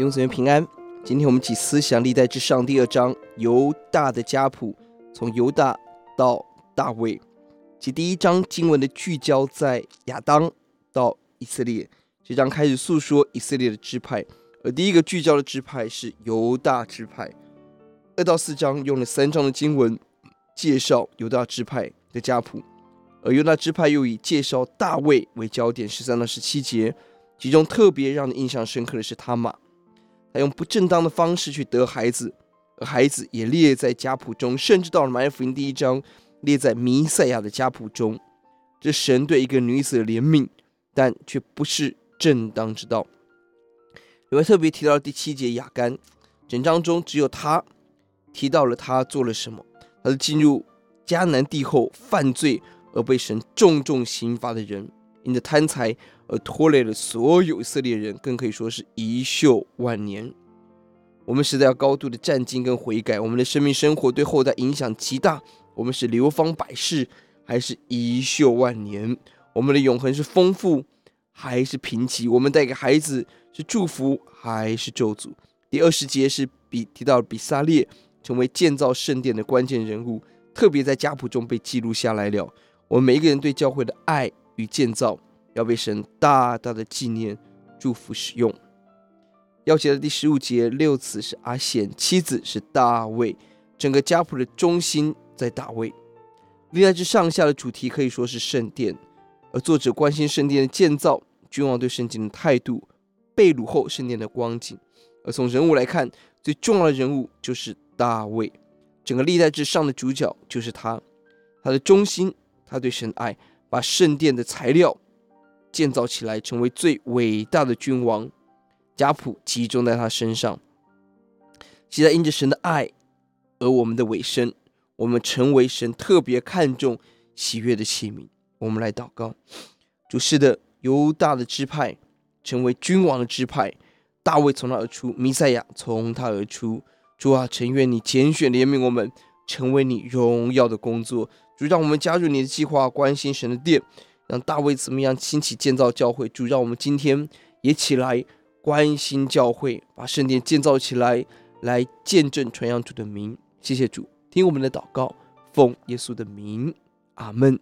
用資源平安。今天我們起思想歷代志上第二章猶大的家譜，從猶大到大衛。繼第一章經文的聚焦在亞當到以色列，這章開始訴說以色列的支派，而第一個聚焦的支派是猶大支派。二到四章用了三章的經文介紹猶大支派的家譜，而猶大支派又以介紹大衛為焦點。十三到十七節，其中特別讓你印象深刻的是他瑪，他用不正當的方式去得孩子，而孩子也列在家譜中，甚至到了馬太福音第一章，列在彌賽亞的家譜中。這是神對一個女子的憐憫，但卻不是正當之道。另外特別提到第七節亞干，整章中只有他提到了他做了什麼，他是進入迦南地後犯罪而被神重重刑罰的人。因着貪財而拖累了所有以色列人，更可以說是遺臭萬年。我們實在要高度的戰兢跟悔改。我們的生命生活對後代影響極大。我們是流芳百世，還是遺臭萬年？我們的永恆是豐富，還是貧瘠？我們帶給孩子是祝福，還是咒詛？第二十節是比提到比撒列成為建造聖殿的關鍵人物，特別在家譜中被記錄下來了。我們每一個人對教會的愛。與建造要被神大大的紀念、祝福、使用。鑰節的第十五節六子是阿鮮，七子是大衛，整個家譜的中心在大衛。歷代志上下的主題可以說是聖殿，而作者關心聖殿的建造、君王對聖殿的態度、被擄後聖殿的光景。而從人物來看，最重要的人物就是大衛，整個歷代志上的主角就是他，他的忠心，他對神的愛。把聖殿的材料建造起來，成為最偉大的君王，家譜集中在他身上。期待因着神的愛，與我們的委身，我們成為神特別看重喜悅的器皿。我們來禱告：主是的，猶大的支派成為君王的支派，大衛從他而出，彌賽亞從他而出。主啊，誠願你揀選憐憫我們，成為你榮耀的工作。主，讓我們加入你的計劃，關心神的殿，讓大衛怎麼樣興起建造教會。主，讓我們今天也起來關心教會，把聖殿建造起來，來見證傳揚主的名。謝謝主，聽我們的禱告，奉耶穌的名，阿門。